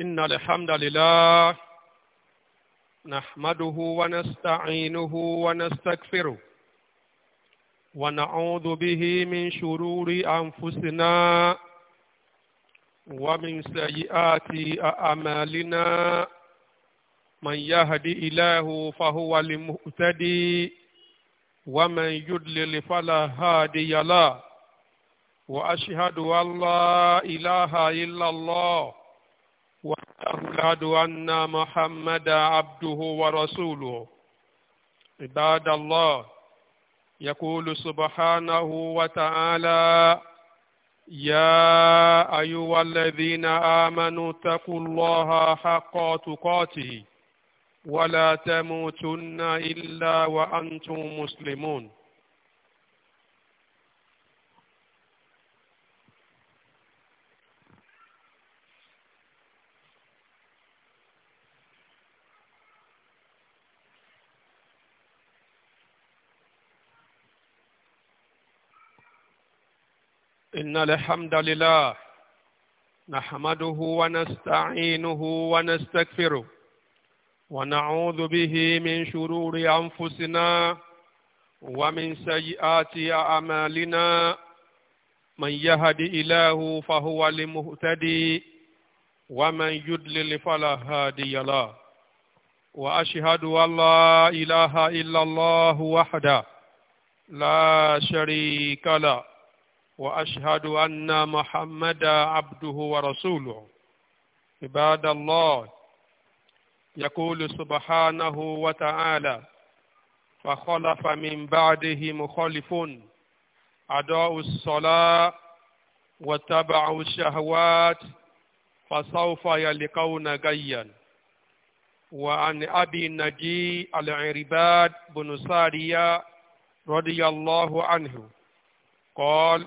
إن الحمد لله نحمده ونستعينه ونستغفره ونعوذ به من شرور أنفسنا ومن سيئات أعمالنا من يهدي إله فهو المهتدي ومن يدلل فلا هادي له وأشهد أن لا إله إلا الله وأشهد أن محمدا عبده ورسوله عباد الله يقول سبحانه وتعالى يا أيها الذين آمنوا اتقوا الله حق تقاته ولا تموتن إلا وأنتم مسلمون إن الحمد لله نحمده ونستعينه ونستغفره ونعوذ به من شرور أنفسنا ومن سيئات أعمالنا من يهد إله فهو المهتدي ومن يدلل فلا هادي له وأشهد أن لا إله إلا الله وحده لا شريك له واشهد ان محمدا عبده ورسوله عباد الله يقول سبحانه وتعالى فخلف من بعده مخلف أداءوا الصلاة واتبعوا الشهوات فسوف يلقون غيا وعن أبي النجي العرباد بن سارية رضي الله عنه قال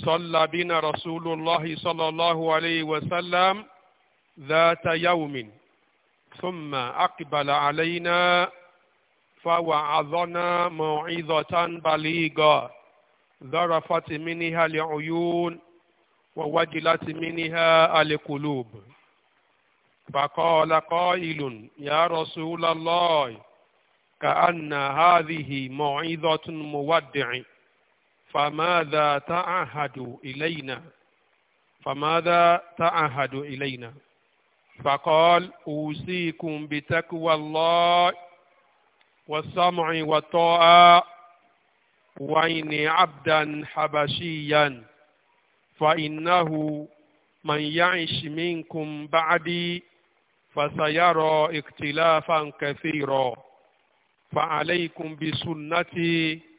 صلى بنا رسول الله صلى الله عليه وسلم ذات يوم ثم أقبل علينا فوعظنا موعظة بليغة ذرفت منها العيون ووجلت منها القلوب فقال قائل يا رسول الله كأن هذه موعظة مودع فماذا تعهد إلينا فماذا تعهد إلينا فقال أوصيكم بتقوى الله والسمع والطاعة وإني عبدا حبشيا فإنه من يعش منكم بعدي فسيرى اختلافا كثيرا فعليكم بسنتي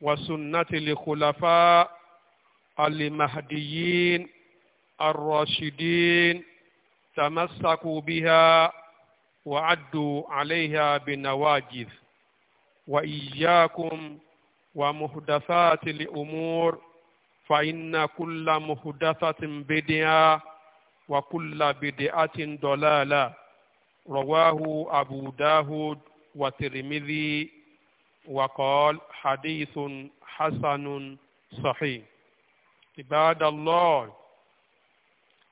وسنة الخلفاء المهديين الراشدين تمسكوا بها وعدوا عليها بنواجذ وإياكم ومحدثات الأمور فإن كل محدثة بدعة وكل بدعة ضلالة رواه أبو داود والترمذي وقال حديث حسن صحيح عباد الله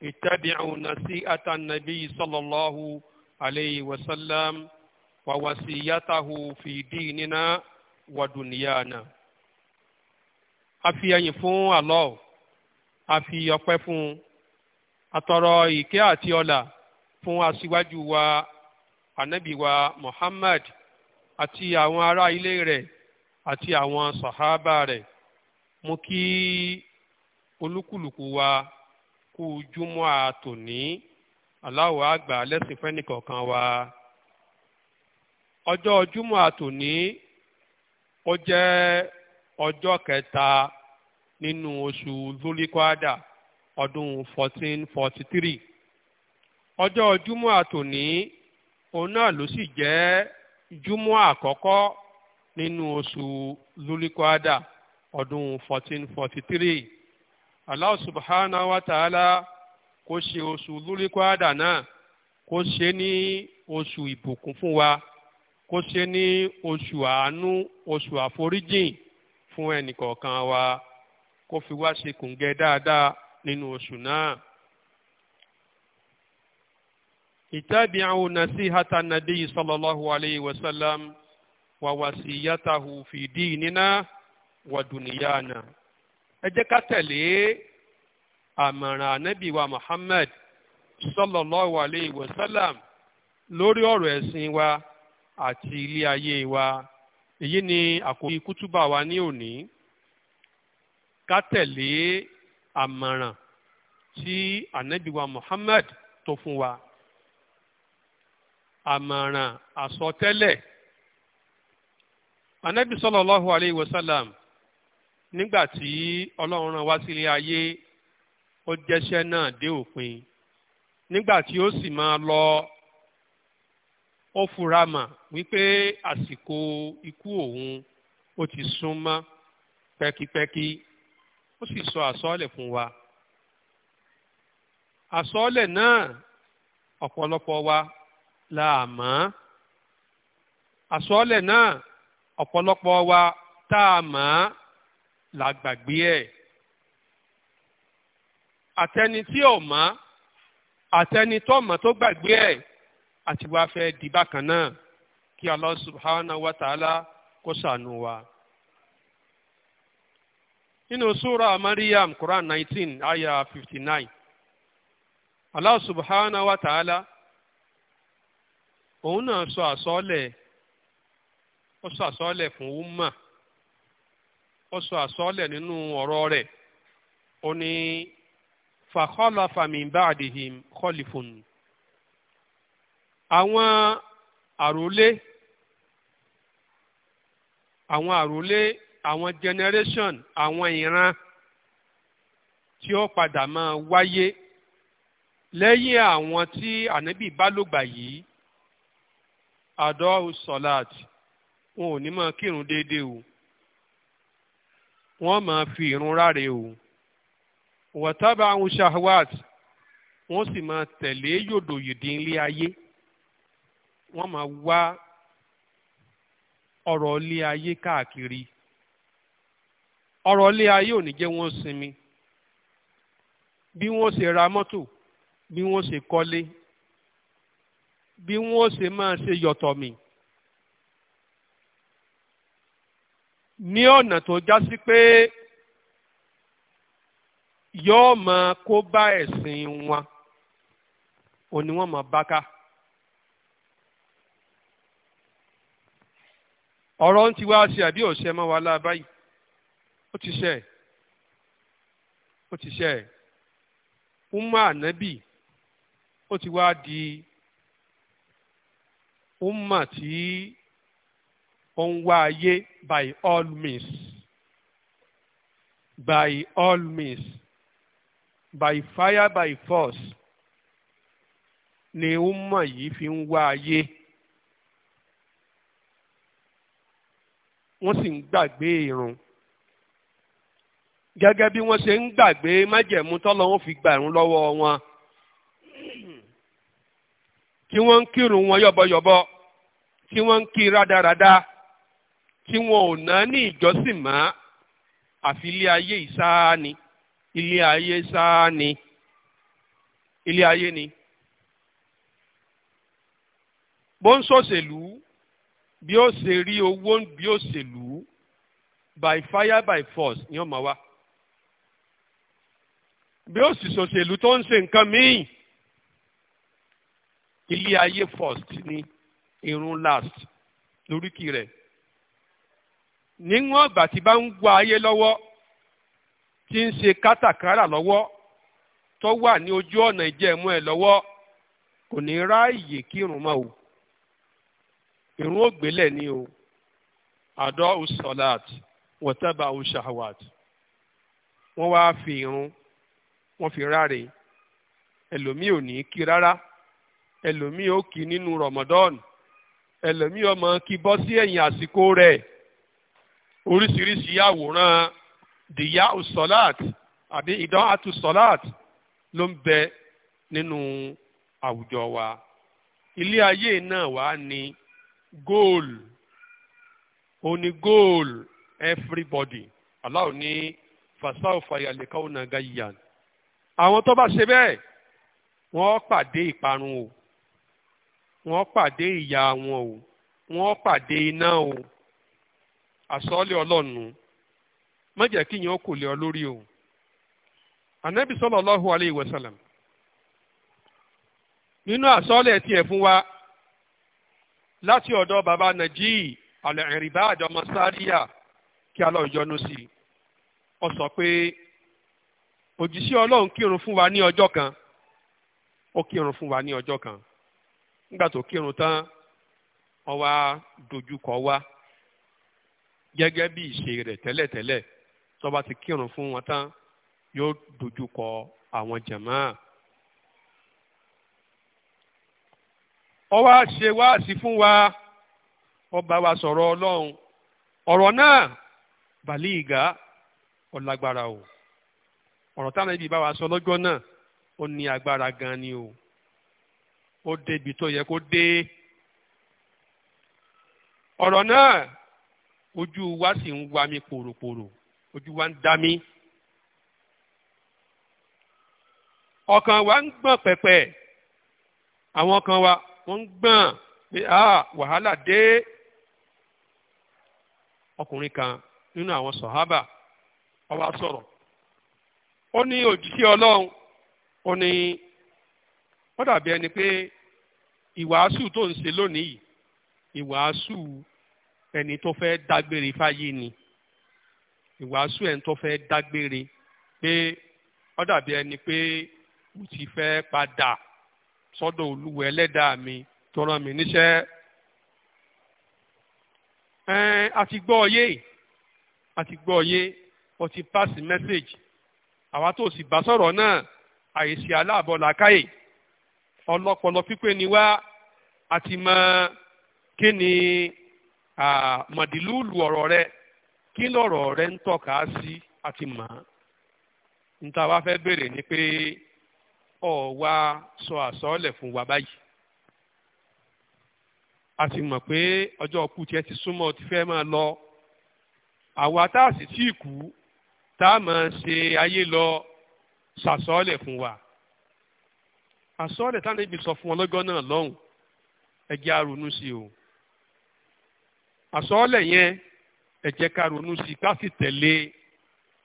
اتبعوا نسيئة النبي صلى الله عليه وسلم ووصيته في ديننا ودنيانا a fi ẹyìn fún Allah a fi ọpẹ́ fún atọrọ ìkẹ́ àti ọlà fún aṣíwájú wa anabi Muhammad àti àwọn ará ilé rẹ̀ àti àwọn sàhábà rẹ̀ mo kí olúkúlùkù wa kú júmọ́ àtòní aláwọ̀ àgbà lẹ́sìn fẹ́nìkọ̀ọ̀kan wa ọjọ́ júmọ́ àtòní ó jẹ́ ọjọ́ kẹta nínú oṣù zulikwada ọdún fourteen forty three ọjọ́ júmọ́ àtòní òun náà ló sì jẹ́ júmọ́ àkọ́kọ́ nínú oṣù lulikwada ọdún 1443 Allah subhanahu wa ta'ala kó ṣe oṣù lulikwada náà kó ṣe ní oṣù ìbùkún fún wa kó ṣe ní oṣù àánú oṣù àforíjìn fún ẹnìkọ̀ọ̀kan wa kó fi wá ṣe kòǹgẹ́ dáadáa nínú oṣù náà. اتبعوا نصيحة النبي صلى الله عليه وسلم ووصيته في ديننا ودنيانا ẹ jẹ́ ká tẹ̀lé àmọ̀ràn ànábì wa Muhammad sallallahu alayhi wa sallam lórí ọ̀rọ̀ ẹ̀sìn wa àti ilé ayé wa èyí ni àkòrí kútúbà wa ní òní ká tẹ̀lé àmọ̀ràn tí ànábì wa tó fún wa. àmọ̀ràn àsọtẹ́lẹ̀ anabi sallallahu alayhi wa sallam nígbà tí ọlọ́run rán wá sílé ayé ó jẹ́ṣẹ́ náà dé òpin nígbà tí ó sì máa lọ ó fura mà wípé àsìkò ikú òun ó ti sún mọ́ pẹ́kípẹ́kí ó sì sọ àsọ́ọ̀lẹ̀ fún wa àsọ́ọ̀lẹ̀ náà ọpọlọpọ wa láàmọ́ àsọọ́lẹ̀ náà ọ̀pọ̀lọpọ̀ wa tá a mọ̀ la gbàgbé ẹ̀ àtẹni tí ò mọ̀ àtẹni tó mọ̀ tó gbàgbé ẹ̀ àti wá fẹ́ di bákan náà kí Allah subhanahu wa ta'ala kó ṣàánú wa. nínú súra Maryam Quran nineteen ayah fifty nine Allah subhanahu wa ta'ala. òun náà sọ àsọọ́lẹ̀ ó sọ àsọọ́lẹ̀ fún umma ó sọ àsọọ́lẹ̀ nínú ọ̀rọ̀ rẹ̀ ó ní fakhalafa min ba'dihim khalifun àwọn àròlé àwọn àròlé àwọn generation àwọn ìran tí ó padà máa wáyé lẹ́yìn àwọn tí ànábì bá lògbà yìí àdọ́hù sọ̀láàt wọn ò ní máa kírun déédéé o wọ́n máa fi irun ráre o wọ́tábà àwọn shahwat wọ́n sì máa tẹ̀lé yòdò yìdí ilé ayé wọ́n máa wá ọ̀rọ̀ ilé ayé káàkiri ọ̀rọ̀ ilé ayé ò ní jẹ́ wọ́n sinmi bí wọ́n ṣe ra mọ́tò bí wọ́n ṣe kọ́lé bí wọ́n ó ṣe máa ṣe yọ̀tọ̀ mi ní ọ̀nà tó já sí pé yóò máa kó bá ẹ̀sìn wọn ò ní wọ́n máa bá ká. ọ̀rọ̀ ń ti wá ṣe àbí òṣè mọ́ wa láà báyìí ó ti ṣe ó ti ṣe umma anabi ó ti wá di umma tí ó ń wá ayé by all means by all means by fire by force ni umma yìí fi ń wá ayé wọ́n sì ń gbàgbé irun gẹ́gẹ́ bí wọ́n ṣe ń gbàgbé májẹ̀mú tọ́lọ́wọ́n fi gbà irun lọ́wọ́ wọn tí wọ́n ń kírun wọn yọ̀bọ̀yọ̀bọ̀ tí wọ́n ń kí rádaràda tí wọn ò ná ní ìjọsìn mọ́ àfi ilé ayé ìsáá ni ilé ayé sáá ni ilé ayé ni. bó ń ṣòṣèlú bí ó ṣe rí owó bí ó ṣèlú by fire by force ni ó máa wá bí ó sì ṣòṣèlú tó ń ṣe nǹkan míì ilé ayé first ni irun last lóríkì rẹ̀ níwọ̀n ìgbà tí bá ń gba ayé lọ́wọ́ tí ń ṣe kátàkárà lọ́wọ́ tó wà ní ojú ọ̀nà ìjẹ̀mú ẹ̀ lọ́wọ́ kò ní ráàyè kírun mọ́ o irun ògbélẹ̀ ni o àdọ́ usolat wọ́tẹ́bà ushahawat wọ́n wá fi irun wọ́n fi ráre ẹlòmíì ò ní kí rárá ẹlòmíì ó kì í nínú Ramadan ẹlòmíì ọmọ kì í bọ́ sí ẹ̀yìn àsìkò rẹ̀ oríṣiríṣi àwòrán dìyà usolat àbí ìdán atusolat ló ń bẹ nínú àwùjọ wa ilé ayé náà wà ní goal ó ní goal everybody aláwo ní fasáwòfà ìyàlẹ́kọ̀ọ́ nàgàyàn àwọn tó bá ṣe bẹ́ẹ̀ wọ́n pàdé ìparun o. wọ́n pàdé ìyá wọn o wọ́n pàdé iná o àsọ́ọ́lẹ̀ ọlọ́nu má jẹ́ kí yẹn ó kò lé ọ lórí o anabi sallallahu alayhi wa sallam nínú àsọ́ọ́lẹ̀ tiẹ̀ fún wa láti ọ̀dọ̀ baba Naji alẹ́rìnbá àjọmọ sáríà kí alọ́ ìjọnu sí i ó sọ pé òjìṣẹ́ ọlọ́run kírun fún wa ní ọjọ́ kan ó kírun fún wa ní ọjọ́ kan nígbà tó kírun tán wọ́n wá dojúkọ wá gẹ́gẹ́ bí ìṣe rẹ̀ tẹ́lẹ̀tẹ́lẹ̀ tó bá ti kírun fún wọn tán yóò dojúkọ àwọn jàmáà. ó wá ṣe fún wa ó bá wa sọ̀rọ̀ ọlọ́run ọ̀rọ̀ náà bàlí ìgá ọ̀làgbára o ọ̀rọ̀ táwọn ibi bá wa sọ lọ́jọ́ náà ó ní agbára gan ni o ó débi tó yẹ kó dé ọ̀rọ̀ náà ojú wa sì ń wa mi pòròpòrò ojú wa ń dá mi ọkàn wa ń gbọ̀n pẹ̀pẹ̀ àwọn kan wa wọ́n ń gbọ̀n pé ah wàhálà dé ọkùnrin kan nínú àwọn sọ̀hábà ó sọ̀rọ̀ ó ní òjíṣẹ́ ọlọ́run ó ní ó dàbí ẹni pé ìwàásù tó ń ṣe lónìí ìwàásù ẹni tó fẹ́ dágbére fáyé ni ìwàásù ẹni tó fẹ́ dágbére pé ó dàbí ẹni pé mo ti fẹ́ padà sọ́dọ̀ olúwa ẹlẹ́dàá mi tó rán mi níṣẹ́. ẹn a gbọ́ ọyé a gbọ́ ọyé o ti pass message àwa tó sì bá sọ̀rọ̀ náà àìsí aláàbọ̀ làákàyè. ọlọ́pọlọ pípé ni wá àti mọ kí ni màdìlúùlù ọ̀rọ̀ rẹ kí lọ̀rọ̀ rẹ ń tọ́ka sí àti mọ̀ níta wá fẹ́ ni pé sọ àsọ́ọ̀lẹ̀ fún wa báyìí a sì mọ̀ pé ọjọ́ ọkú tiẹ̀ ti súnmọ́ ti lọ àwa tá a sì tí ì kú tá a máa ṣe fún wa. àsọ́ọ̀lẹ̀ táwọn ibi sọ fún wọn lọ́gọ́ náà lọ́hùn ẹ jẹ́ á ronú sí o àsọ́ọ̀lẹ̀ yẹn ẹ ká ronú sí ká sì tẹ̀lé e.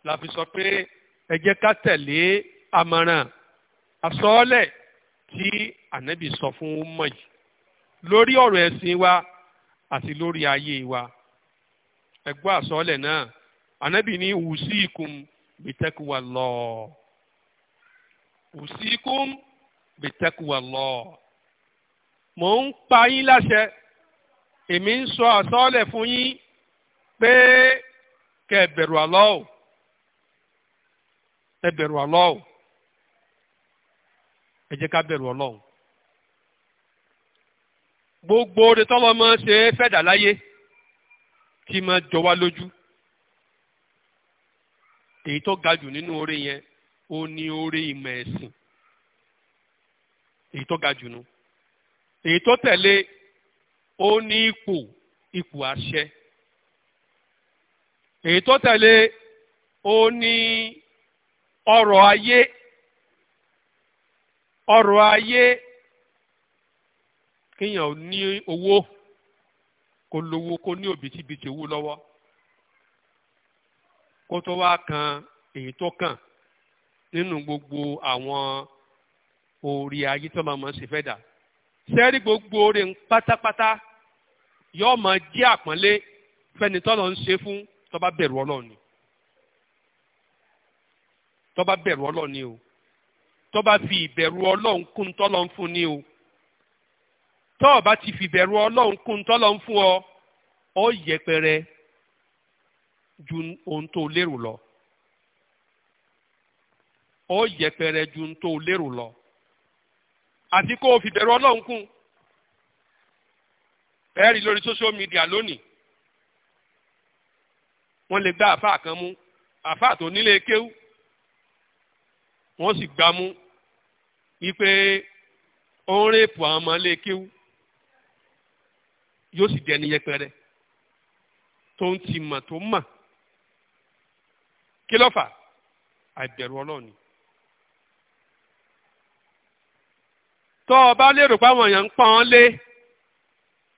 la fi sọ pé ẹ jẹ́ ká tẹ̀lé e àmọ̀ràn àsọ́ọ̀lẹ̀ tí ànábì sọ fún mọ̀ yìí lórí ọ̀rọ̀ ẹ̀sìn wa àti lórí ayé wa ẹ gbọ́ àsọ́ọ̀lẹ̀ náà ànábì ní wùsíìkùm bìtẹ́kùwà lọ́ọ̀ wùsíìkùm. bìtẹ́kùwà lọ. mò ń pa yín láṣẹ èmi ń sọ àsọọ́lẹ̀ fún yín pé kẹ ẹ bẹ̀rù àlọ́ o ẹ bẹ̀rù àlọ́ o ẹ jẹ́ ká bẹ̀rù gbogbo oore tọ́lọ́mọ ṣe fẹ́dà láyé kí máa jọ wá lójú èyí tó ga jù nínú oore yẹn ó ní oore ìmọ̀ ẹ̀sìn èyí tó ga jù nu èyí tó tẹ̀lé ó ní ipò ipò àṣẹ èyí tó tẹ̀lé ó ní ọrọ̀ ayé ọrọ̀ ayé kéèyàn ní owó kó lówó kó ní òbítíbitì owó lọ́wọ́ kó tó wá kan èyí tó kàn nínú gbogbo àwọn orí ayé tó máa mọ̀ sí fẹ́ dà sẹ́rí gbogbo oore pátápátá yóò máa jẹ́ àpọ́nlé fẹ́ni tọ́lọ̀ ń ṣe fún tó bá bẹ̀rù Ọlọ́run ni tó bẹ̀rù Ọlọ́run ni o tó bá fi ìbẹ̀rù Ọlọ́run kún tọ́lọ̀ ń fún ni o tó o bá ti fi ìbẹ̀rù Ọlọ́run kún tọ́lọ̀ ń fún ọ ọ yẹpẹrẹ ju ohun tó lérò lọ ọ yẹpẹrẹ ju ohun tó lérò lọ àti kó o fìbẹ̀rù ọlọ́run kún ẹ lórí social media lónìí wọ́n lè gbá àfáà kan mú àfáà tó nílé kéwú wọ́n sì gbá mú wípé ó ń rèpù àwọn ọmọ ilé kéwú yóò sì jẹ́ ní yẹpẹrẹ tó ń ti mọ̀ tó mọ̀ kí ló fà àìbẹ̀rù ọlọ́ọ̀ni tọ́ ọ bá lérò páwọn èèyàn ń pọ́n lé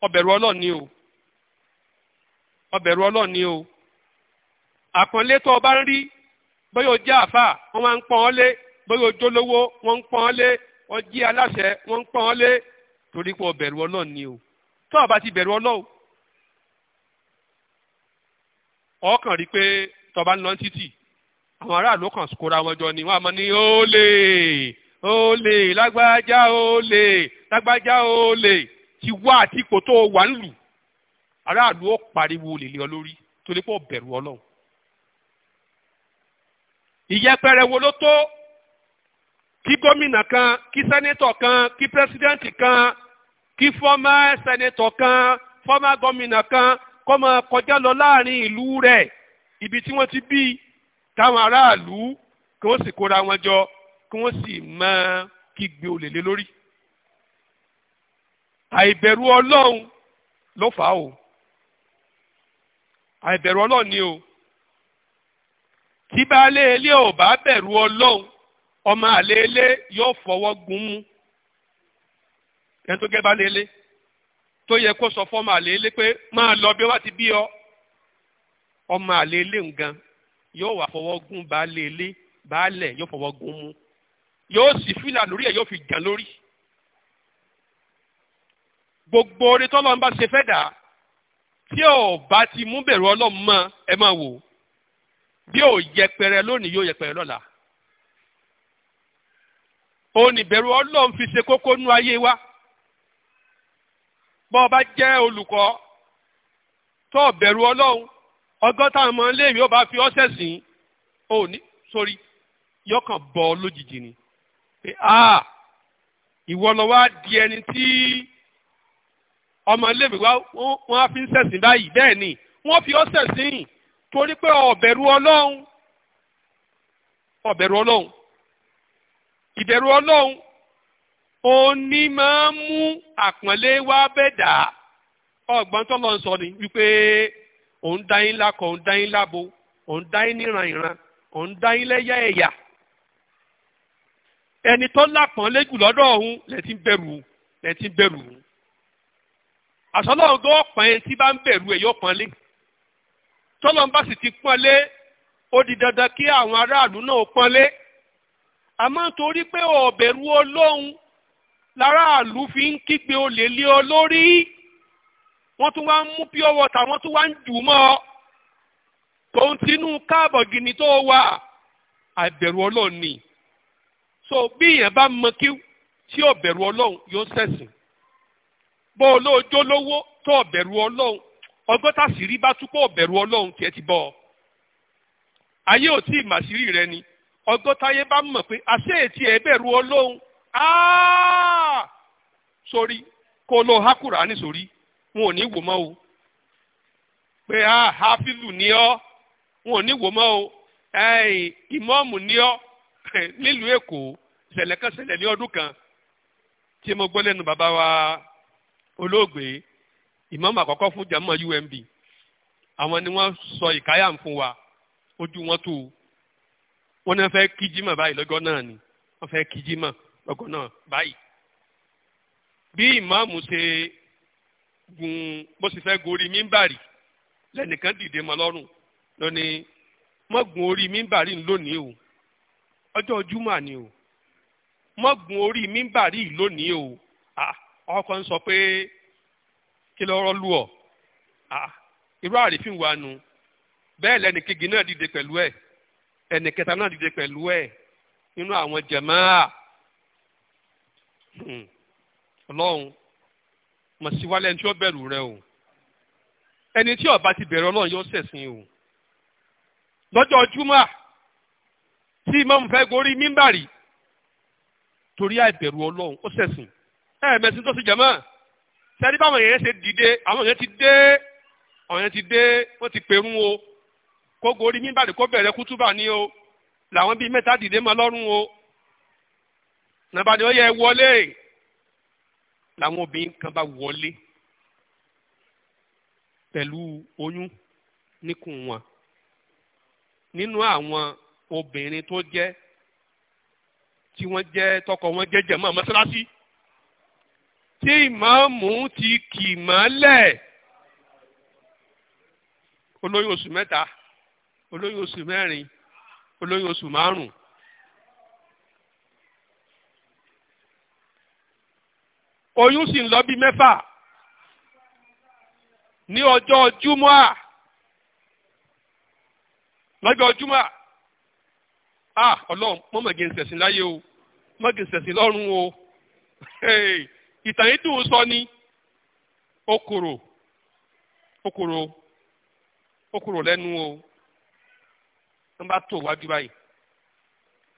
ọbẹ̀rù ọlọ́ọ̀ ni o ọbẹ̀rù ọlọ́ọ̀ ni o àpọ́nlé tó o bá ń rí bóyá o jẹ́ àfà wọ́n máa ń pọ́n lé bóyá o jólówó wọ́n ń pọ́n lé o jẹ́ aláṣẹ wọ́n ń pọ́n lé torí pé ọbẹ̀rù ọlọ́ọ̀ ni o tọ́ ọ bá ti bẹ̀rù ọlọ́ọ̀ ọkàn rí pé tọba ń lọ títì àwọn aráàlú kan kóra wọn jọ ni wọn àmọ́ ní ó lè olè lágbájá olè lágbájá olè ti wá àti ipò tó wà ń lù aráàlú ó pariwo olè lé ọ lórí torí pé ó bẹ̀rù ọlọ́run ìyẹpẹrẹ wo ló tó kí gómìnà kan kí sẹ́nẹ́tọ̀ kan kí pírẹ́sídẹ́ǹtì kan kí fọ́mà sẹ́nẹ́tọ̀ kan fọ́mà gómìnà kan kọ́ máa kọjá lọ láàrin ìlú rẹ̀ ibi tí wọ́n ti bí táwọn aráàlú kí wọ́n sì kóra wọn jọ kí wọ́n sì máa kígbe olè lé lórí. àìbẹ̀rù ọlọ́run ló fà á o àìbẹ̀rù ọlọ́run ni o tí baálé ilé ò bá bẹ̀rù ọlọ́run ọmọ àlè ilé yóò fọwọ́ gun mú ẹni tó gẹ́ baálé ilé tó yẹ kó sọ fọ́mọ àlè ilé pé máa lọ bí wá ti bí ọ ọmọ àlè ilé nǹkan yóò wà fọwọ́ gun baálé ilé baálẹ̀ yóò fọwọ́ gun mú yóò sì fìlà lórí ẹ̀ yóò fi jà lórí gbogbo orin tọ́lọ́run bá ṣe fẹ́ dà tí ò bá ti mú bẹ̀rù ọlọ́run mọ́ ẹ máa wò bí ò yẹpẹrẹ lónìí yóò yẹpẹrẹ lọ́la òun ìbẹ̀rù ọlọ́run fi ṣe kókó nú ayé wa bọ́ ọ bá jẹ́ olùkọ́ tó bẹ̀rù ọlọ́run ọgọ́ta ọmọ iléèwé ó bá fi ọ́ sẹ̀sìn òní sórí yọkàn bọ́ lójijì ni a ìwọ lọ wá di ẹni tí ọmọléèwé wa wọ́n á fi ń ṣẹ̀sìn báyìí bẹ́ẹ̀ ni wọ́n fi ọ́ ṣẹ̀sìn torí pé ọ̀bẹ̀rù ọlọ́run ọ̀bẹ̀rù ọlọ́run ìbẹ̀rù ọlọ́run òun ní máa ń mú àpọ́nlé wá bẹ́ẹ̀ dà ọgbọ́n tó lọ sọ ni wípé òun dá yín lákọ̀ òun dá yín lábo òun dá yín níran ìran òun dá yín lẹ́yà ẹ̀yà ẹni tó lápọ̀n lẹ́jù lọ́dọ̀ ọ̀hún lẹ́tí ń bẹ̀rù lẹ́tí ń bẹ̀rù àsọlọ́run tó pọ̀n ẹ tí bá ń bẹ̀rù ẹ̀ yóò pọ̀n lé tọ́lọ́n bá sì ti pọ̀n lé ó di dandan kí àwọn aráàlú náà pọ̀n lé àmọ́ torí pé ọ̀bẹ̀rù olóhun láràlú fi ń kígbe olè lé ọ lórí wọ́n tún wá ń mú pure water wọ́n tún wá ń jù mọ́ ọ tòun tinú káàbọ̀ gini tó wà àbẹ̀rù ọlọ́ọ̀ni so bí èèyàn bá mọ kí tí ò ọlọ́run yóò ṣẹ̀sìn bó o lóòjó lówó tó ò ọlọ́run ọgọ́ta sírí bá túpọ̀ ò bẹ̀rù ọlọ́run tiẹ̀ ti bọ̀ ayé ò tí ì rẹ ni ọgọ́ta yẹn bá mọ̀ pé ọlọ́run sórí kó lọ hákùrà ní sórí wọn ò ní wò mọ́ o pé a wọn ò ní wò mọ́ o ìmọ̀ọ́mù nílùú èkó ìṣẹ̀lẹ̀ kan ṣẹlẹ̀ ní ọdún kan tí mo gbọ́ lẹ́nu bàbá wa olóògbé ìmáàmù àkọ́kọ́ fún jàmọ́ UMB àwọn ni wọ́n sọ ìkáyà fún wa ojú wọn tó wọ́n náà fẹ́ kí jímọ̀ báyìí lọ́gọ́ náà ni wọ́n fẹ́ kí jímọ̀ lọ́gọ́ náà báyìí bí ìmáàmù ṣe gun bó sì fẹ́ gorí mímbàrì lẹ́nìkan dìde mọ́ lọ́rùn lónìí mọ́ gun orí mímbàrì lónìí o ọjọ́ júmọ̀ ni o mọ́gun orí mímbàrí lónìí o ọkọ ń sọ pé kí lọ́rọ́ lù ọ́ irú àrífín wa nu bẹ́ẹ̀ lẹ́ni kejì náà dìde pẹ̀lú ẹ̀ ẹnì kẹta náà dìde pẹ̀lú ẹ̀ nínú àwọn jàmáà hmm. ọlọ́run mọ̀ sí wálẹ̀ tí ó bẹ̀rù rẹ o ẹni tí ó bá ti bẹ̀rù ọlọ́run yóò ṣẹ̀sìn o lọ́jọ́ júmọ̀ tí ìmáàmù fẹ́ gorí mímbàrí torí àìbẹ̀rù ọlọ́run ó ṣẹ̀sìn ẹ̀ẹ̀mẹ̀sìn tó ṣe jẹ̀mọ́ sẹ́ni báwọn èèyàn ṣe dìde àwọn èèyàn ti dé àwọn èèyàn ti dé wọ́n ti pèrún o kó gorí mímbàrí kó bẹ̀rẹ̀ kútúbà ní o làwọn bíi mẹ́ta dìde mọ́ lọ́rùn o nàbà ni ó yẹ wọlé làwọn obìnrin kan bá wọlé pẹ̀lú oyún níkùn wọn nínú àwọn obìnrin tó jẹ́ tí wọ́n jẹ́ tọkọ wọn jẹ́ jẹ̀mọ́ mọ́sálásí tí ìmáàmù ti kì mọ́lẹ̀ olóyún oṣù mẹ́ta olóyún oṣù mẹ́rin olóyún oṣù márùn-ún. oyún sì ń lọ bí mẹ́fà ní ọjọ́ júmọ́à lọ́jọ́ júmọ́à Ah, ọlọ́run mọ́ mọ̀ gé ń sẹ̀sìn láyé o mọ́ gé ń sẹ̀sìn lọ́run o ìtàn yìí dùn sọ ni okòrò okòrò okòrò lẹ́nu o wọ́n bá tó wájú báyìí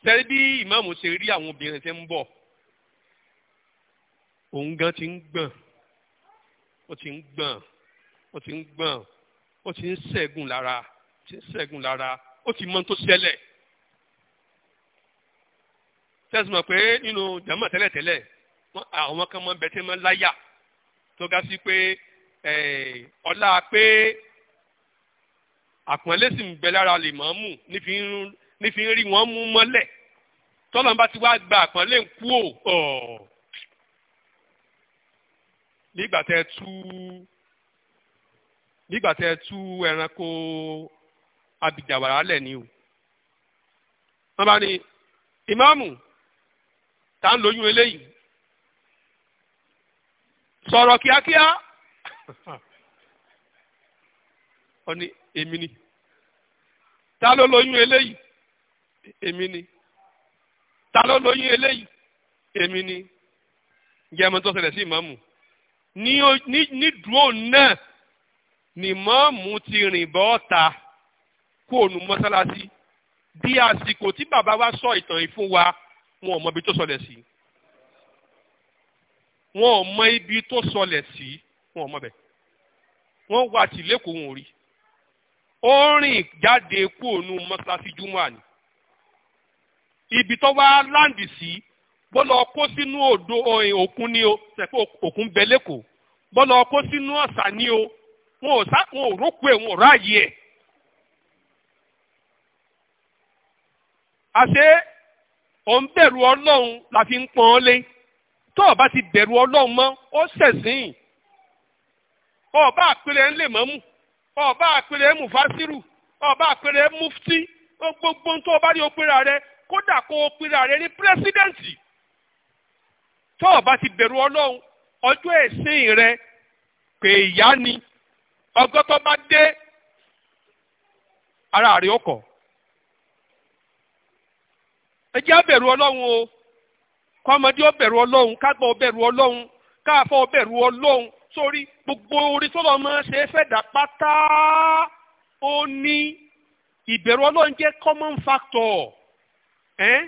sẹ́rí bí ìmáàmù ṣe rí àwọn obìnrin ṣe ń bọ̀ òun gan ti ń gbọ̀n ó ti ń gbọ̀n ó ti ń gbọ̀n ó ti ń ṣẹ́gun lára ó ti ń ṣẹ́gun lára ó ti mọ tó ṣẹlẹ̀ sẹ́sì mọ̀ pé nínú jàmọ́ tẹ́lẹ̀tẹ́lẹ̀ àwọn kan mọ bẹ́tẹ́ mọ́ láyà tó ga sí pé ọlá pé àpọ́nlé sì ń bẹ lára lè mọ́ mù nífi ń rí wọ́n mú mọ́lẹ̀ tọ́lọ́mbà ti wá gba àpọ́nlé ń kú ò nígbà tẹ́ tú nígbà tẹ́ tú ẹranko abidjawara lẹ̀ ni o. wọ́n bá ní ìmáàmù tá ń lóyún eléyìí sọ̀rọ̀ kíákíá ó ní èmi ni ta ló lóyún eléyìí èmi ni ta ló lóyún eléyìí èmi ni jẹ́mọ́ tó ṣẹlẹ̀ sí ìmáàmù ní dúró náà ni ìmáàmù ti rìn bọ́ ta kó o nu mọ́sálásí bí àsìkò tí bàbá wa sọ ìtàn yìí wa wọn ò mọ ibi tó sọlẹ̀ sí wọn ò mọ ibi tó sọlẹ̀ sí wọn ò mọ bẹ̀ wọ́n wá tì lẹ́kọ̀ọ́ wọn ò rí ó rìn jáde kúrò nù mọ́ṣáláṣí júmọ́ àná ibi tó wá láǹdì sí bọ́lá ọkọ́ sínú odò eh, òkun ni o sẹ́pẹ́ òkun bẹ lẹ́kọ̀ọ́ bọ́lá ọkọ́ sínú ọ̀sà ni o wọn ò sá wọn ò rókò ẹ̀ wọn ò ráàyè ẹ̀. àṣé ò ń bẹ̀rù ọlọ́run la fi ń pọ́n ọ́ lé tó o bá ti bẹ̀rù ọlọ́run mọ́ ó ṣẹ̀sìn ọba àpẹẹrẹ ń lè mọ́mù ọba àpẹẹrẹ mú fásírù ọba àpẹẹrẹ mufti gbogbo tó o bá rí opera rẹ kódà kó opera rẹ ní pírẹsidẹ́ǹtì tó o bá ti bẹ̀rù ọlọ́run ọjọ́ ẹ̀sìn rẹ pé ìyá ni ọgọ́tọ́ bá dé ara rẹ̀ ó kọ̀. ẹ jẹ́ àbẹ̀rù ọlọ́run o kọ́mọdé ọbẹ̀rù ọlọ́run kágbà ọbẹ̀rù ọlọ́run káàfọ́ ọbẹ̀rù ọlọ́run sórí gbogbo orí tó lọ́mọ ṣe fẹ́dà pátá ó ní ìbẹ̀rù ọlọ́run jẹ́ common factor ẹ́n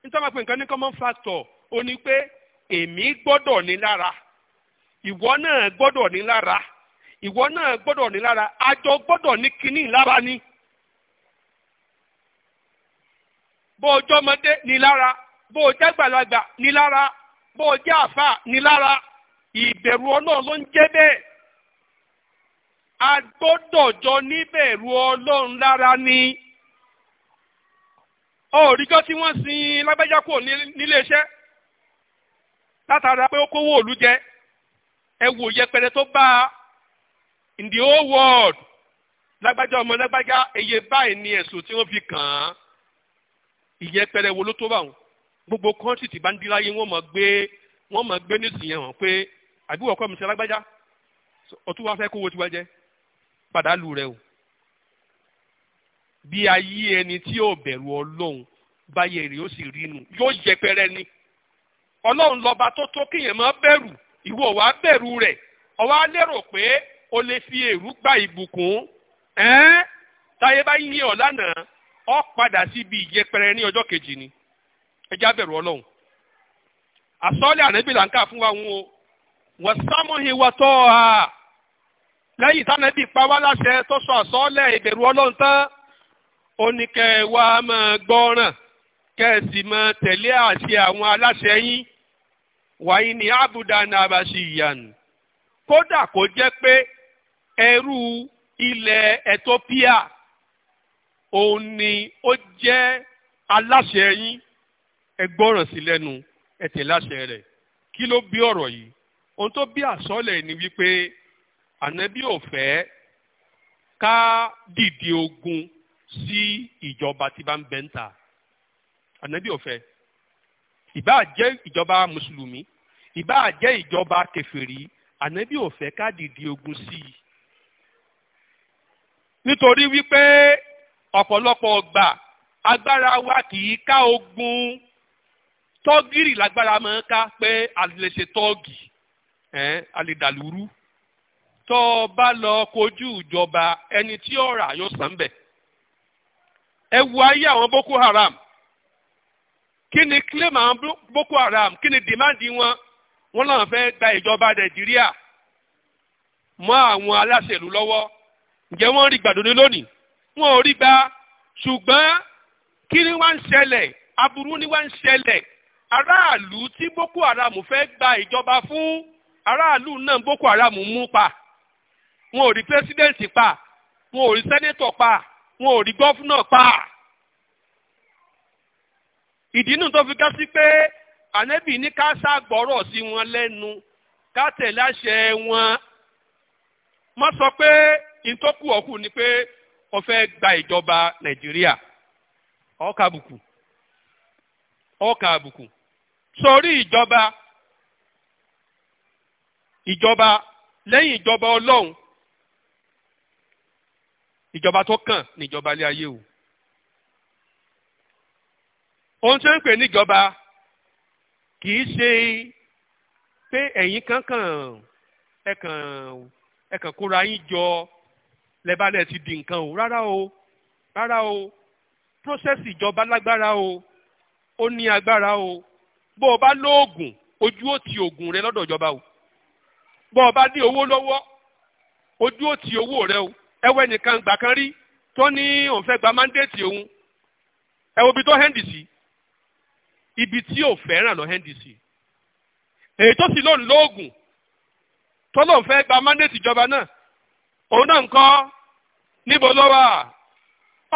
nítorí wọn pe nǹkan ní common factor ó ní pé èmi gbọ́dọ̀ ní lára ìwọ náà gbọ́dọ̀ ní lára ìwọ náà gbọ́dọ̀ ní lára àjọ gbọ́dọ̀ ní kinní lára ni. Lara, bó o jọmọdé ní lára bó o jẹ́ gbàlagbà ní lára bó o jẹ́ àfà ní lára ìbẹ̀rù ọlọ́run ló ń jẹ́ bẹ́ẹ̀ a níbẹ̀rù ọlọ́run lára ni òrìjọ́ tí wọ́n sin lágbájá kúrò nílé iṣẹ́ látara pé ó kówó òlu jẹ ẹ wò yẹpẹrẹ tó bá in the whole world lágbájá ọmọ lágbájá eye báyìí ni ẹ̀sùn tí wọ́n fi kàn án ìyẹn pẹrẹ wo ló tó bá wọn gbogbo kọ́ńtì tí bá ń díláyé wọ́n mọ̀ gbé wọ́n mọ̀ gbé nísìnyẹn hàn pé àbíwọ̀ kọ́ mi ṣe alágbájá ọtún wá fẹ́ kówó tiwa jẹ padà lù rẹ o bí ayé ẹni tí yóò bẹ̀rù ọlọ́run báyé rẹ̀ ó sì rí nu yóò yẹpẹrẹ ni ọlọ́run lọ́ba tó tó kéèyàn máa bẹ̀rù ìwọ wàá bẹ̀rù rẹ̀ ọwọ́ á pé o lè fi èrú gba ìbùkún ẹ́ẹ́ táyé bá yín ọ̀ ọ padà ibi ìyẹpẹrẹ ní ọjọ́ kejì ni ẹjẹ́ abẹ̀rù ọlọ́run àsọ́ọ́lẹ̀ ànábì là ń kà fún wa wọn o wọ́n sámúhi wọ́n tọ́ a lẹ́yìn tánàbì pa wá láṣẹ tó sọ àsọ́ọ́lẹ̀ ìbẹ̀rù ọlọ́run tán ó ní ẹ wá máa gbọ́ràn kẹ́ ẹ sì máa tẹ̀lé àṣẹ àwọn aláṣẹ yín wàyí ni àbùdá ní abàṣì ìyànù kódà kó jẹ́ pé ẹrú ilẹ̀ Ethiopia òun ni ó jẹ́ aláṣẹ yín ẹ gbọ́ràn sí lẹ́nu ẹ tẹ̀ láṣẹ rẹ̀ kí ló bí ọ̀rọ̀ yìí ohun tó bí àsọlẹ̀ ni wípé ànábì ò fẹ́ ká dìde ogun sí ìjọba tí bá ń bẹ ń ta ànábì ò fẹ́ jẹ́ ìjọba mùsùlùmí ìbáà jẹ́ ìjọba kèfèrí ànábì ò ká dìde ogun sí i nítorí wípé ọ̀pọ̀lọpọ̀ ọgbà agbára wa kì í ká ogun tọ́gìrì lágbára máa ń ká pé a lè ṣe tọ́ọ̀gì a tó o bá lọ kojú ìjọba ẹni tí ó rà yóò sàn bẹ̀. ẹ wo ayé àwọn Boko Haram kí ni claim àwọn Boko Haram kí ni demand wọn wọn náà fẹ́ gba ìjọba Nàìjíríà mọ́ àwọn aláṣẹlú lọ́wọ́ ǹjẹ́ wọ́n rí gbàdúrà lónìí wọn ò rí gbà ṣùgbọ́n kí ni wá ń ṣẹlẹ̀ aburú ni wá ń ṣẹlẹ̀ aráàlú tí boko haram fẹ́ gba ìjọba fún aráàlú náà boko haram mú pa wọn ò rí pírẹsidẹ́ǹtì pa wọn ò rí sẹ́nẹ́tọ̀ pa wọn ò rí gọ́fúnà pa ìdí inú tó fi ká sí pé ànẹ́bì ní ká ṣàgbọ́rọ̀ sí wọn lẹ́nu ká tẹ̀lé àṣẹ wọn má sọ pé ìtọ́kù ọ̀kù ni pé ó fẹ́ gba ìjọba nàìjíríà ó ka àbùkù ó àbùkù sórí ìjọba ìjọba lẹ́yìn ìjọba ọlọ́run ìjọba tó kàn níjọba ilé ayé o ohun tí wọ́n ń pè níjọba kì í ṣe pé ẹ̀yin kankan ẹ̀kan ẹ̀kan kóra yín jọ lẹ́bàálẹ̀ ti di nǹkan o rárá o rárá o prósẹ́sì ìjọba lágbára o ó ní agbára o bó o bá lóògùn ojú ó ti oògùn rẹ lọ́dọ̀ ìjọba o bó o bá ní owó lọ́wọ́ ojú ó ti owó rẹ o ẹwẹ́ nìkan gbà kan rí tó ní òun fẹ́ gba mándéètì òun ẹ wo ibi tó hẹ́ndì sí ibi tí ò fẹ́ràn lọ hẹ́ndì sí èyí tó sì lóun lóògùn tó lóun fẹ́ gba mándéètì ìjọba náà òun náà ń kọ́ níbo ló wà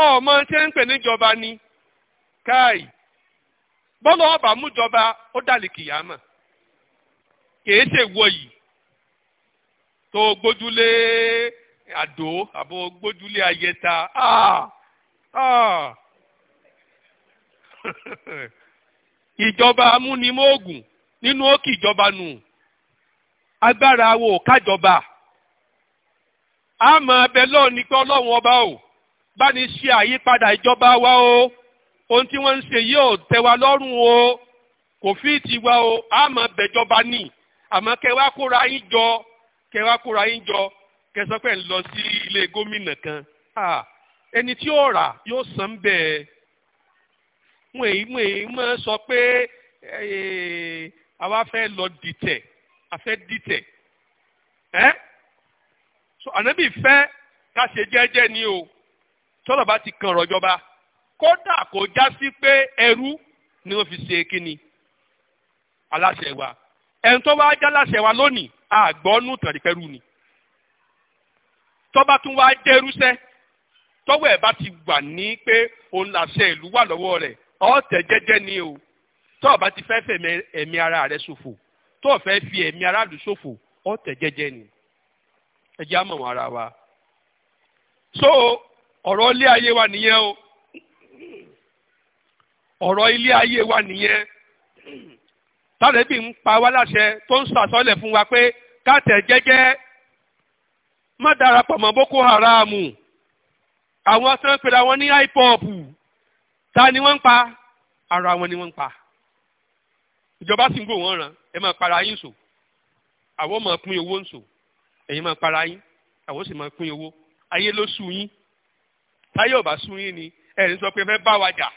ọmọ ṣe ń pè níjọba ni káì bọ́lá ọba mújọba ó dàlí kìyàmà kìí ṣe wọ yìí tó gbójúlé àdó àbò gbójúlé ayẹta ah ah ìjọba amúnimóògùn nínú ó kì ìjọba nù agbára wo kájọba. a mọ̀ ẹbẹ̀ lọ́ọ̀ ní pé ọlọ́run ọba o bá ní ṣe àyípadà ìjọba wa o ohun tí wọ́n ń ṣe yìí ò tẹ́ wa lọ́rùn o kò fi ti wa o a mọ̀ bẹ̀jọba ní àmọ́ kẹwàá kóra yín jọ kẹwàá kóra yín jọ kẹsàn ń lọ sí ilé gómìnà kan ẹni tí ó rà yóò san bẹ́ẹ̀ wọn èyí wọn èyí sọ pé àwa fẹ́ lọ dìtẹ̀ a fẹ́ so ànábì fẹ́ ká ṣe jẹ́jẹ́ ni o tọ́lọ̀ bá ti kan ọ̀rọ̀ kódà kò já sí pé ẹrú ni wọ́n fi ṣe kíni aláṣẹ wa ẹni tó wáá já láṣẹ wa lónìí àgbọ́nú tàrípẹ́rù ni tọ́ba tún wáá dẹ́rúṣẹ́ tọ́wọ́ ẹ̀ bá ti wà ní pé òun làṣẹ ìlú wà lọ́wọ́ rẹ̀ ọ̀tẹ̀ jẹ́jẹ́ ni o tọ́ọ̀ bá ti fẹ́ fẹ̀mí ẹ̀mí ara rẹ̀ ṣòfò tọ́ọ̀ fẹ́ fi ẹ̀mí aráàlú ṣòfò ọ̀tẹ̀ jẹ́jẹ́ ni ẹ jẹ́ wọn ara wa so ọ̀rọ̀ ilé ayé wa nìyẹn o ọ̀rọ̀ ilé ayé wa nìyẹn tàbí ń pa wá láṣẹ tó ń sàsọ́lẹ̀ fún wa pé káàtẹ̀ jẹ́jẹ́ má darapọ̀ mọ́ Boko Haram àwọn tó ń pera wọn ní IPOB ta ni wọ́n ń pa ara wọn ni wọ́n ń pa ìjọba sì ń gbò wọ́n ràn ẹ máa para yín sò àwọn máa pín owó ń sò ẹ̀yin máa para yín àwọn sì máa pín owó ayé ló sú yín táyé ò bá sú yín ni ẹ̀rín sọ pé fẹ́ bá wa jà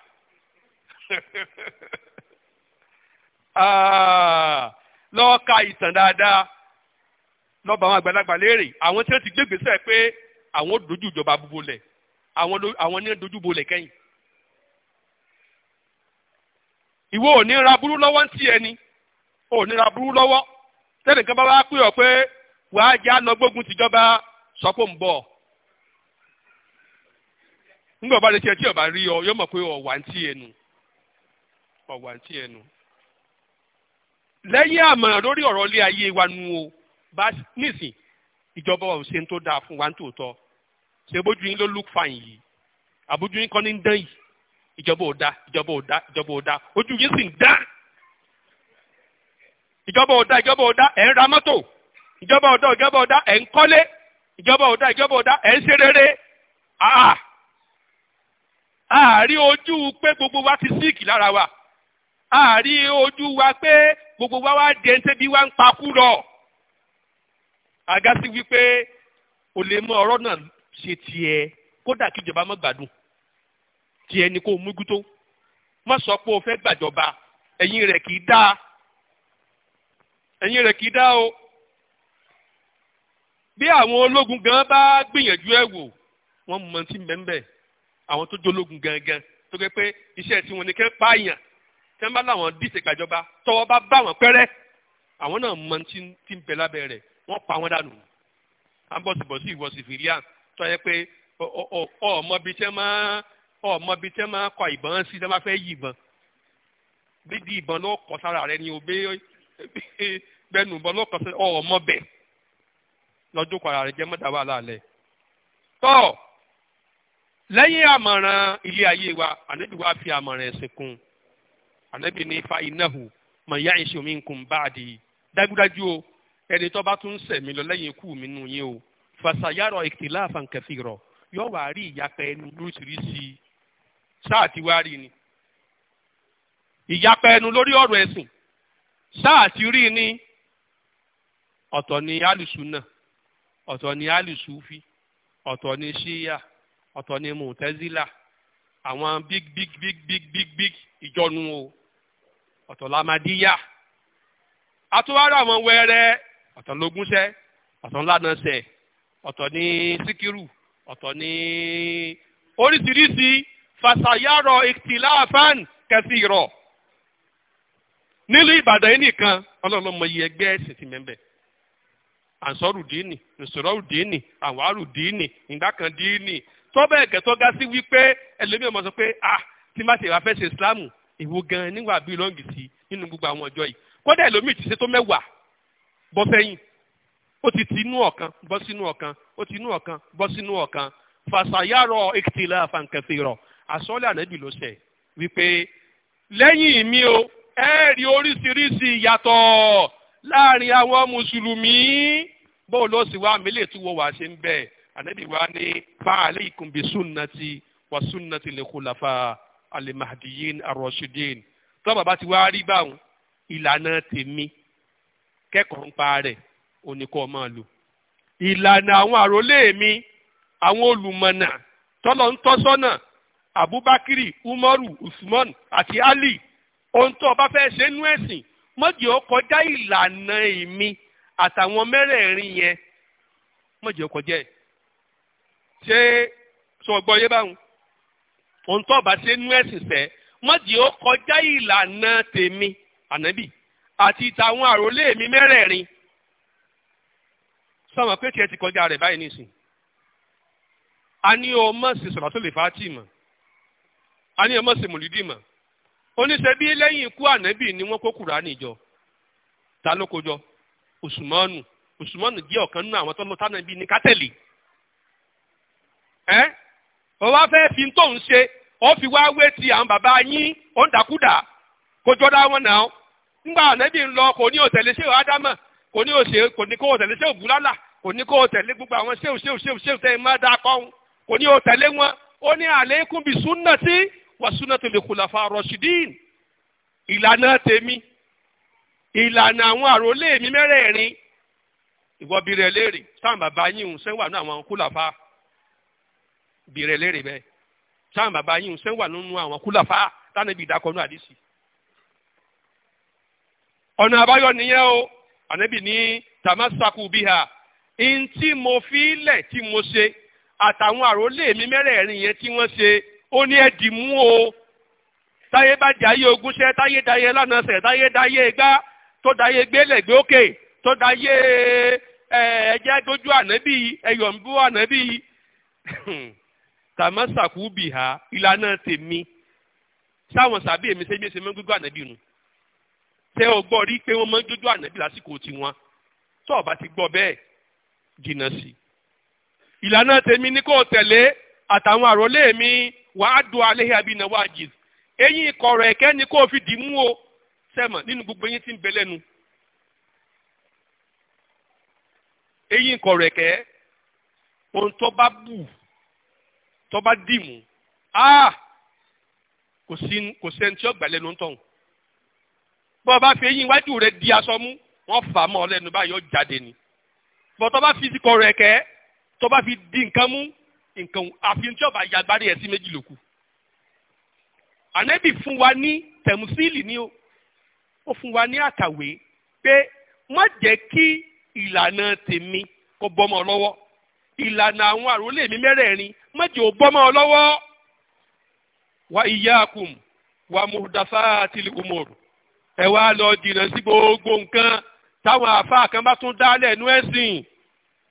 ah, lọ́ọ́ ka ìtàn dáadáa lọ́ọ́ bá àwọn àgbàlagbà léèrè àwọn tí wọ́n ti gbégbèsè pé àwọn dojú ìjọba gbogbo lẹ̀ àwọn ní dojú bo lẹ̀ kẹ́yìn. ìwọ ò ní ra burú lọ́wọ́ ń tiẹ̀ ni ò ní ra burú lọ́wọ́ tẹ́nìkan bá wá pè ọ́ pé wàá jẹ́ alọ́gbógun tìjọba sọ ń bọ̀ nígbà bá ọba rí ọ yóò mọ̀ pé ọ̀wà ń ẹnu ọ̀wà ń ẹnu. lẹ́yìn àmọ̀ràn lórí ọ̀rọ̀ ilé ayé wa nu o bá nísìn ìjọba ò tó dáa fún wa ń tòótọ́ bójú yín ló yìí àbójú yín kọ́ ní dán yìí ìjọba ò dá ìjọba ò ra mọ́tò ìjọba ọ̀dọ́ ìjọba ọ̀dá ẹ̀ ń kọ́lé ìjọba ọ̀dá ìjọba ọ̀dá ẹ̀ ń ṣe rere àárí ah! ojú pé gbogbo wa ti síìkì lára wa àárí ojú wa pé gbogbo wa wá dé ṣébi wá ń pakú lọ àgásí wípé o lè mọ ọ̀rọ̀ náà ṣe tiẹ̀ kódà kí ìjọba má gbádùn tiẹ̀ ni kò mójútó má sọ pé o fẹ́ gbàjọba ẹ̀yìn rẹ̀ kì í dáa ẹ̀yìn rẹ̀ kì í dáa o bí àwọn ológun gan bá gbìyànjú ẹ̀ wò wọ́n mọ ti mẹ́ńbẹ̀ àwọn tó jólógun gangan tó kẹ́ pé iṣẹ́ tí wọ́n ní kẹ́ pààyàn kẹ́ ń bá láwọn dìtẹ̀ gbàjọba tọwọ́ bá bá wọn pẹ́rẹ́ àwọn náà mọ ti ń bẹ lábẹ́ rẹ̀ wọ́n pa wọ́n dànù à ń bọ̀ sí bọ̀ sí ìwọ civilian tó yẹ pé ọmọbi tẹ́ máa ọmọbi tẹ́ máa kọ ìbọn sí tẹ́ máa fẹ́ yìnbọn bí di ìbọn ló kọ sára rẹ ni o bẹ́ẹ̀ gbẹnu ìbọn ló kọ sára ọmọbẹ̀ lọ́jọ́ kọ́ ara rẹ̀ jẹ́ mọ́tà wà lálẹ́. tọ́ lẹ́yìn àmọ̀ràn ilé ayé wa ànábì wa fi àmọ̀ràn ẹ̀sìn kún ànábì ní fa ináhù mọ̀ ìyá ìṣe omi nkùn báàdì dájúdájú o ẹni tó bá tún sẹ̀mí lọ lẹ́yìn ikú mi nù yín o fàṣàyàrọ̀ ìkìlá àfàǹkẹ́fì rọ̀ yóò wá rí ìyapẹ́ ẹnu lóríṣiríṣi sáà tí wá rí ni ìyapẹ́ ẹnu lórí ọ̀rọ̀ ẹ̀sìn sáà tí rí ni ọ̀tọ̀ ni alùsùn náà ọ̀tọ̀ ni alisufi ọ̀tọ̀ ni shia ọ̀tọ̀ ni mutezila àwọn big big big big big big ìjọnu o ọ̀tọ̀ lamadiya atúwárà àwọn wẹ́rẹ́ ọ̀tọ̀ lógúnṣẹ́ ọ̀tọ̀ ńlánàṣẹ́ ọ̀tọ̀ ni síkírù ọ̀tọ̀ ni oríṣiríṣi fasayarọ ìtìláfán kẹsì rọ nílùú ìbàdàn yìí nìkan ọlọ́run ló mọ iye ẹgbẹ́ ẹ̀sìn ti mẹ́mbẹ̀ẹ́ ansorudini nsorudini anwarudini ndakandini tọ́bẹ̀ ẹ̀kẹ́ tọ́ga sí wípé ẹlòmíì ọmọ sọ pé ah tí má ti wá fẹ́ ṣe ìsìláàmù èwo gan nígbà bíi lọ́ǹgì sí nínú gbogbo àwọn ọjọ́ yìí kódà ẹlòmíì ti ṣe tó mẹ́wàá bọ́ sẹ́yìn ó ti ti inú ọ̀kan bọ́ sínú ọ̀kan ó ti inú ọ̀kan bọ́ sínú ọ̀kan fàṣàyàrọ̀ èkìtìlá fàǹkẹ̀fẹ̀ rọ̀ àsọ́lẹ̀ ànábì ló ṣẹ̀ wípé lẹ́yìn mi o ẹ rí oríṣiríṣi láàrin àwọn mùsùlùmí bóun ló sì wá mílẹ̀ tí wọ́n wà ṣe ń bẹ̀ ànábì wa ní fa'alaykum bi sunnati wa sunnati l-khulafa al-mahdiyyin ar-rashidin tó bàbá ti wá rí báwọn ìlànà tèmi kẹ́kọ̀ọ́ ń pa rẹ̀ oníkọ́ máa lò ìlànà àwọn àrólé mi àwọn olùmọ̀nà tọ́lọ̀ ń tọ́sọ́nà abubakiri umaru usman àti ali ohun tó o bá fẹ́ ṣe nú ẹ̀sìn mọ̀jì ó kọjá ìlànà èmi àtàwọn mẹ́rẹ̀ẹ̀rin yẹn mọ̀jì ó kọjá ẹ̀ ṣé sọ gbọ́ yé báwọn ohun tó bá ṣe nú ẹ̀sìn sẹ́ mọ̀jì ó kọjá ìlànà tèmi ànábì àti tàwọn àròlé mi mẹ́rẹ̀ẹ̀rin sọmọ pé tiẹ̀ ti kọjá rẹ̀ báyìí nísìn a ní o mọ̀ sí sọ̀rọ̀ tó lè fa tì mọ̀ a ní o mọ̀ sí mọ̀. oníṣẹ́bí lẹ́yìn ikú ànábì ni wọ́n kó kùránì jọ ta ló kó jọ Usmanu Usmanu jẹ́ ọ̀kan nínú àwọn tọ́lọ́ tánàbí ní kátẹ́lì ẹ́ ọ wá fẹ́ fi tó ṣe ọ fi wá wé ti àwọn bàbá yín ó dàkúdà kó jọ́dá wọn náà ńgbà ànábì ń lọ kò ní òtẹ̀lé ṣé o ádámà kò ní ṣé kò ní gbogbo àwọn ṣé má kọ́ ní wọn ó ní wà súnàtò lè kùlàfà rọ̀ṣídìn ilana tèmi ilana àwọn àròlé mi mẹ́rẹ̀ẹ̀rin ìwọ bìrẹ̀ léèrè sáà bàbá yín ń sẹ́wà nínú àwọn kùlàfà bìrẹ̀ léèrè bẹ́ẹ̀ sáà bàbá yín ń sẹ́wà nínú àwọn kùlàfà tánàbí ìdákọ̀ọ́nù àdìsí ọ̀nà àbáyọ nìyẹn o ànábì ní tàmásákù bíhà ntí mo fi lẹ̀ tí mo ṣe àtàwọn àròlé mi mẹ́rẹ̀ẹ̀rin yẹn tí wọ́n ṣe ó ní ẹ dì mú o táyé bá jẹ́ ayé ogúnṣẹ́ táyé dayé lánàṣẹ́ táyé dayé gbá tó dayé gbélẹ̀gbé òkè tó dayé ẹ̀ẹ́dẹ́ dojú ànábì ẹ̀yọ̀nbú ànábì tàmásàkú bìhá ìlànà tèmi sáwọn sàbí èmi ṣe bí ṣe mọ́ gbígbó ànábì nu tẹ ọ gbọ́ rí pé wọ́n mọ́ dojú ànábì lásìkò tiwọn tó o ti gbọ́ bẹ́ẹ̀ jìnnà sí ìlànà tèmi ni kò tẹ̀lé àtàwọn àròlé mi wà á do aléhà bíi náwó àjì eyín kọ̀rọ̀ ẹ̀kẹ́ ni kó fi dì mú o sẹ́mọ̀ nínú gbogbo eyín tí ń bẹ lẹ́nu eyín kọ̀rọ̀ ẹ̀kẹ́ ohun tó bá bù tó bá dì mú áà kò sí kò sẹ́ni tí ó gbà lẹ́nu ń tọ̀hún bọ́ọ̀ bá fi eyín iwájú rẹ̀ di aṣọ mú wọ́n fà á mọ́ ọ lẹ́nu báyọ̀ jáde ni bọ́ọ̀ tó bá fi sí kọ̀rọ̀ ẹ̀kẹ́ tó bá fi di nǹkan mú nǹkan àfihàn tí ọba ìyàgbárí ẹ̀ sí méjì lòkù. ànẹ́bì fún wa ní tẹ̀mùsíìlì ni ó ó fún wa ní àkàwé pé má jẹ́ kí ìlànà tèmi kó bọ́mọ lọ́wọ́ ìlànà àwọn àròlé mi mẹ́rẹ̀ẹ̀rin má jẹ́ ò bọ́mọ lọ́wọ́. wa iyyakum wa muhdathatil umur ẹ wá lọ jìnnà sí gbogbo nǹkan táwọn àáfàá kan bá tún dálẹ̀ nú ẹ̀sìn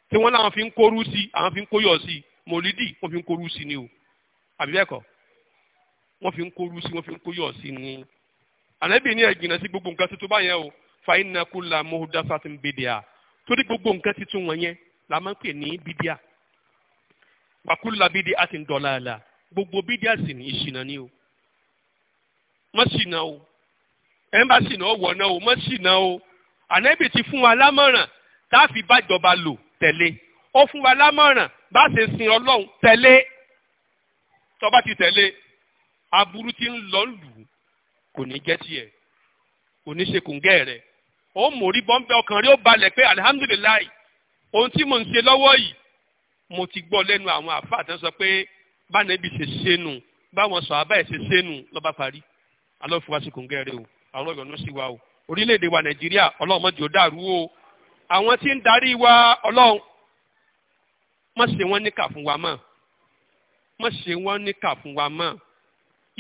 tí wọ́n láwọn fi ń korú sí àwọn fi ń kóyọ̀ sí mọ̀lídì wọ́n fi ń korú sí ni o àbí bẹ́ẹ̀ kọ́ wọ́n fi ń korú sí wọ́n fi ń kóyọ̀ sí ni. ànábì ní ẹ̀jìnà sí gbogbo nǹkan tuntun báyẹn o fàyínà kó la mọ́húdásá ti ń bèdìà torí gbogbo nǹkan tuntun wọn yẹn la máa ń pè ní bídíà wàkúlà bídíà á ti ń dọ̀la àlà gbogbo bídíà sì ní ìṣìnà ni o má ṣìnà o ẹ má ṣìnà o wọ̀nà o má ṣìnà o ànábì ti fún wa lámọ̀ràn tá a fi bá ìjọba lò tẹ̀lé ó fún wa lámọ̀ràn bá ṣe sin ọlọ́run tẹ̀lé tó bá ti tẹ̀lé aburú ti ń lọ lù ú kò ní jẹ́ tiẹ̀ kò ní ṣe kòǹgẹ́ rẹ̀ ó mórí bọ́ńbẹ́ ọkàn rí ó balẹ̀ pé alihamudulilayi ohun tí mò ń ṣe lọ́wọ́ yìí mo ti gbọ́ lẹ́nu àwọn àfáà tó sọ pé báwọn ibi ṣe ṣe nù báwọn sọ abáyé ṣe ṣe nù lọ́ba parí alọ́fíwá sí kòǹgẹ́ rẹ̀ o àwọn ọ̀yọ́nú sí wa o orílẹ̀-èdè wa nàìjíríà ọlọ́run mọ́jọ́ dàrú o àwọn tí ń darí wa ọlọ́run má ṣe wọ́n níkà fún wa mọ́ má ṣe wọ́n níkà fún wa mọ́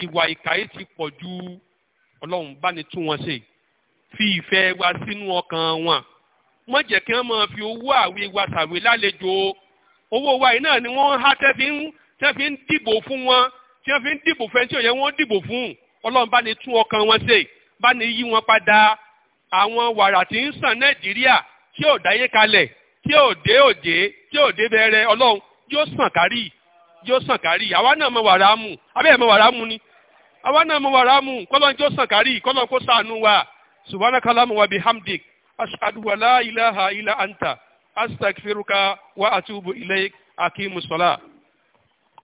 ìwà ìkàyè ti pọ̀ ju ọlọ́run bá ní tún wọn ṣe fi ìfẹ́ wa sínú ọkàn wọn má jẹ́ kí wọ́n máa fi owó àwé wa ṣàwé lálejò owó wa yìí náà ni wọ́n há tẹ́ fi ń tẹ́ fi ń dìbò fún wọn tí wọ́n fi ń dìbò fẹ́ tí ò yẹ wọ́n dìbò fún ọlọ́run bá ní tún ọkàn wọn ṣe bá ní yí wọn padà àwọn wàrà tí ń sàn nàìjíríà tí ò dáyé kalẹ̀ tí ò dé òjé tí ò dé bẹ̀rẹ̀ ọlọ́run yóò sàn kárí yóò sàn kárí àwa náà mọ wàrà mù abẹ́ẹ̀ mọ wàrà mù ni àwa náà mọ wàrà mù kọ́lọ́n tí ó sàn kárí kọ́lọ́n kó sànù wa subhanakalamu wa bihamdik ashhadu ilaha illa anta astaghfiruka wa atubu ilayk akimu